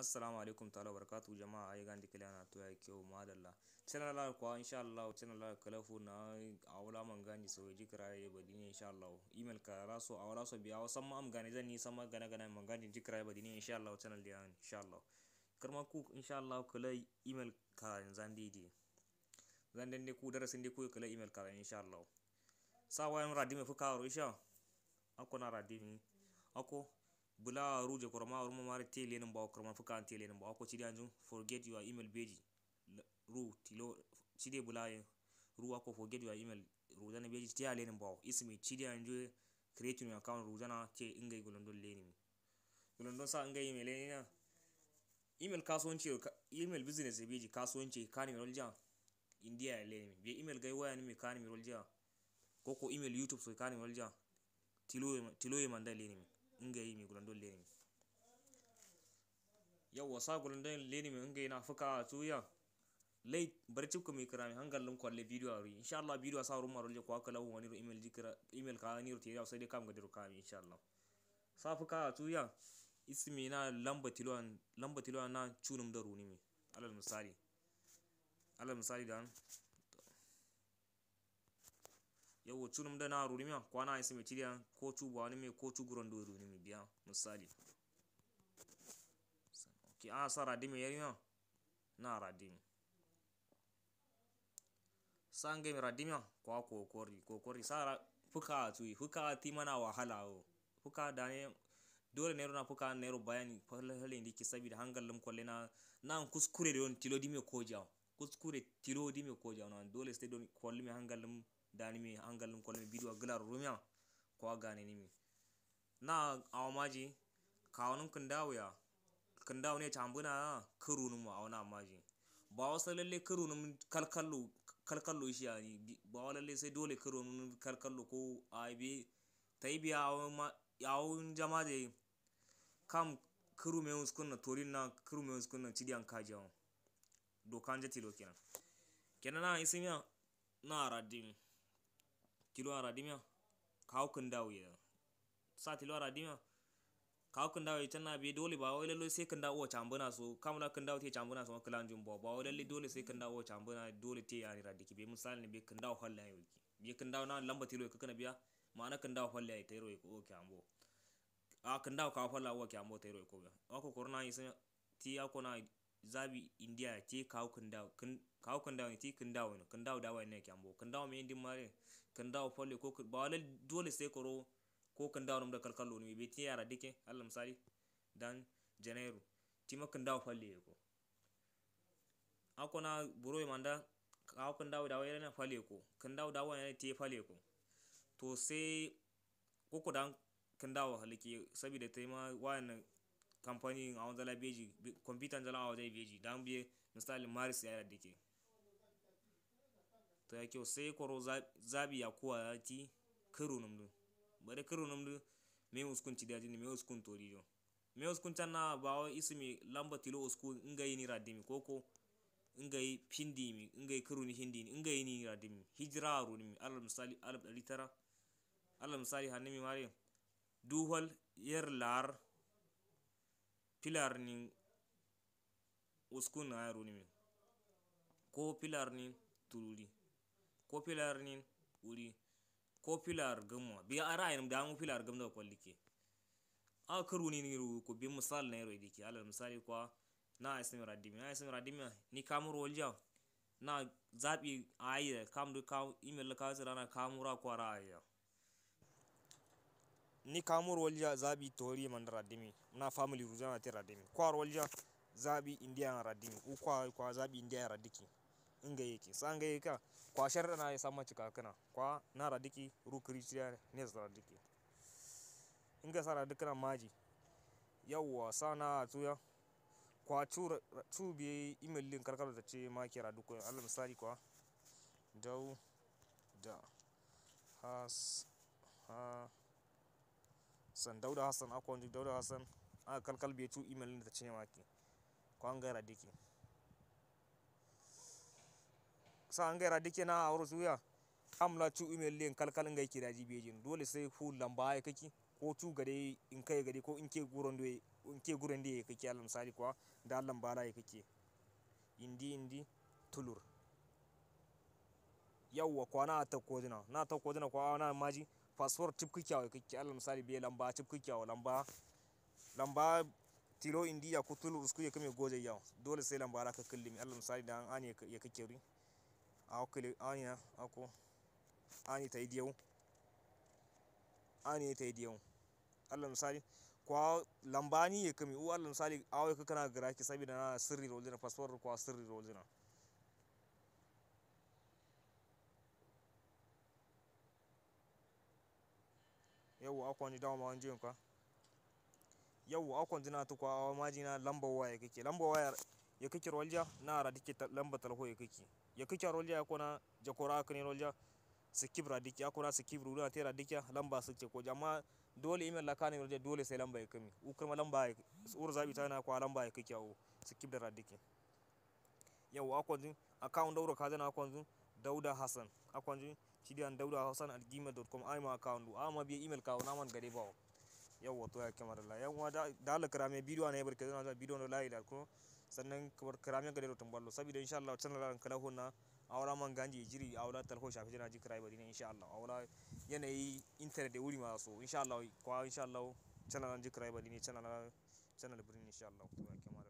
assalamu alaikum ta'ala barakatuhu jama'a ai gandi kila na to yake kyau madalla channel la kwa insha Allah channel la kala fu na awla man gani so ji kira ya badini insha Allah email ka raso awla so biya wasan ma am gani zan ni sama gana gana man gani ji kira ya badini insha Allah channel da insha Allah karma ku insha Allah kala email ka zan didi zan dan ne ku darasin dai ku kala email ka insha Allah sawa yan radimi fu ka ro insha ako na radimi ako bula ruje korma ma mare tele nan ba korma fuka tele lenin ba ko cidi anju forget your email beji ru tilo cidi bula ye ru ko forget your email ru dana beji ti ale nan ba ismi cidi anju create your account ru dana te ingai gulondon leni gulondon sa ingai email leni na email kasuwanci email business beji kasuwanci kani rolja india leni be email gai waya ni mi kani rolja ko email youtube so kani rolja tilo tilo ye mandali ni ngai mi gulando leni yawa sa gulando lenimi mi na fuka tuya lay barci ko mi kirami hangal lon kwalle video ari inshallah video sa rumma rolle ko akala woni ro email jikra email ka ni ro tiya sai dai kam gadir kami allah sa fuka tuya ismi na lamba tilwan lamba tilwan na chunum da runi mi alal misali alal misali dan yau chunum da na rurimiya kwana isi mai tiriya ko tu ba wani mai ko chu guron do rurimi biya misali ki a sa radimi yariya na radimi sange mi radimiya kwa kokori kokori sa fuka tu fuka ti mana wahala o fuka da ne dole ne na fuka ne ro bayani falalin diki saboda hangal lam kolle na nan kuskure da yon tilodi me ko kuskure ko kojawnama dole don sede ɗon kollumi hangallum danimi hangallum kollumi bidiwa gilar rumia ko a ganenimi na awamaji kawanum kandawoya kandawne cambuna mu awna amaji ba wasa lalle karunum kalkallo kalkallo shi yani bawa lalle sai dole mu kalkallo ko aibe awma yawun jama de kam kuru me uskun na torin na kuru me uskun na cidiyan kajawan dokan je tilo kenan kenan na isi miya na aradim tilo ya kawo kun dawo ya sa tilo ya kawo kun dawo ita na bi dole ba wai lalle sai kun dawo chambuna so kamuna kun dawo te chambuna so kala jun ba ba wai lalle dole sai kun dawo chambuna dole te ya radiki bi misali ne be kun dawo halla yau ki be kun dawo na lamba tilo ka kana biya ma'ana kun dawo halla ya tayro ko ke ambo a kun dawo kawo halla wa ke ambo tayro ko ba wako korona yi ti ya ko na zabi india ti kaw kin daw kin kaw kin daw ti kin daw no kin daw dawa ne kyambo kin me ndin mare kin folle ko ba wala dole sai koro ko kin daw da kalkalo ne be ti yara dike Allah misali dan janairu ti ma kin daw folle ko akona buro manda kaw kin daw dawa yana folle ko kin daw dawa yana ti folle ko to sai koko dan kin dawo haliki saboda ta ma wayannan a awon zala beji computer zala a wajen beji don biye misali maris ya da ke to ya kyau sai kwaro zabi ya kuwa ya ti kiro namdu bari kiro namdu mai uskun ci daji mai me uskun tori jo me uskun ba na isi mai lamba tilo uskun yi ni radimi koko yi pindi mi yi kiro ni hindi ni yi ni radimi hijra ru ni alal misali alal 900 alal misali hanimi mare duhal yer lar pilar ni uskun na ni ko pilar ni tululi ko pilar ni uri ko pilar gamma bi ara yin da mu pilar gamma da kwallike a karu ni ni ko bi misal na yaro dike alal misali kwa na isim radimi na isim radimi ni kamur walja na zabi ayi kamdu kam email ka zirana kamura kwa ayi ni kamor walja zabi tori man radimi na family ruzana te radimi kwar walja zabi india radimi u kwa kwa zabi india radiki inga yake sanga yake kwa sharda na yasa mace kakana kwa na radiki ru kristiya ne za radiki inga sara dukkan maji yawwa sana tuya kwa tu bi email din karkar da ce ma kira duk Allah misali kwa dau da has ha san dauda hassan akwai wonji dauda hassan aga kalkal beecu email nde maki ko dike diki an gaira diki na awro suya amla tu email din kalkal ngai kiraji beejin dole sai fu lamba ai kaki ko tu gade in kai gade ko in ke doye in ke guron doye kaki alam sali kwa da lamba la ye kaki indi indi tulur yawwa kwana ta kodina na ta kodina kwa na maji password tip kikyawo kikki alal misali biye lamba tip kikyawo lamba lamba tilo indi ya kutulu usku ya kame goje yao dole sai lamba ala ka kallimi alal misali da an ani ya kake ri kili kule ani na ako ani ta idiyo ani ta idiyo alal misali kwa ni ya kimi u alal misali awai ka kana garaki saboda na sirri rolina password kwa sirri rolina Yau akwa ni dama ma wanjin kwa. Yau akwa jina na tukwa awa na lamba waya kake. Lamba waya ya kake rolja na ra dike lamba talho ya kake. Ya kake rolja ya kona jakora kane rolja sikib ra dike akona sikib na te ra dike lamba sikce ko jama dole ime la kane rolja dole sai lamba ya kami. Ukar ma lamba ya uru zabi ta na kwa lamba ya kake awo sikib da ra dike. Yau akwa jin account daura kaza na akwa jin Dauda Hassan akwa jin cidiyan dauda hausan at gmail.com ai ma account a ma bi email kawo naman gare bawo yau wato ya kamar Allah yan wa da da karame bidiyo ne barke zan da bidiyo na lai da ko sannan kamar karame gare rutun ballo saboda insha Allah tana ran kala hunna awra man ganji jiri awra talho shafi jina ji kirai bari ne insha Allah awra yanayi internet da wuri ma so insha Allah kwa insha Allah tana la ji kirai bari ne tana tana da birni insha Allah ya kamar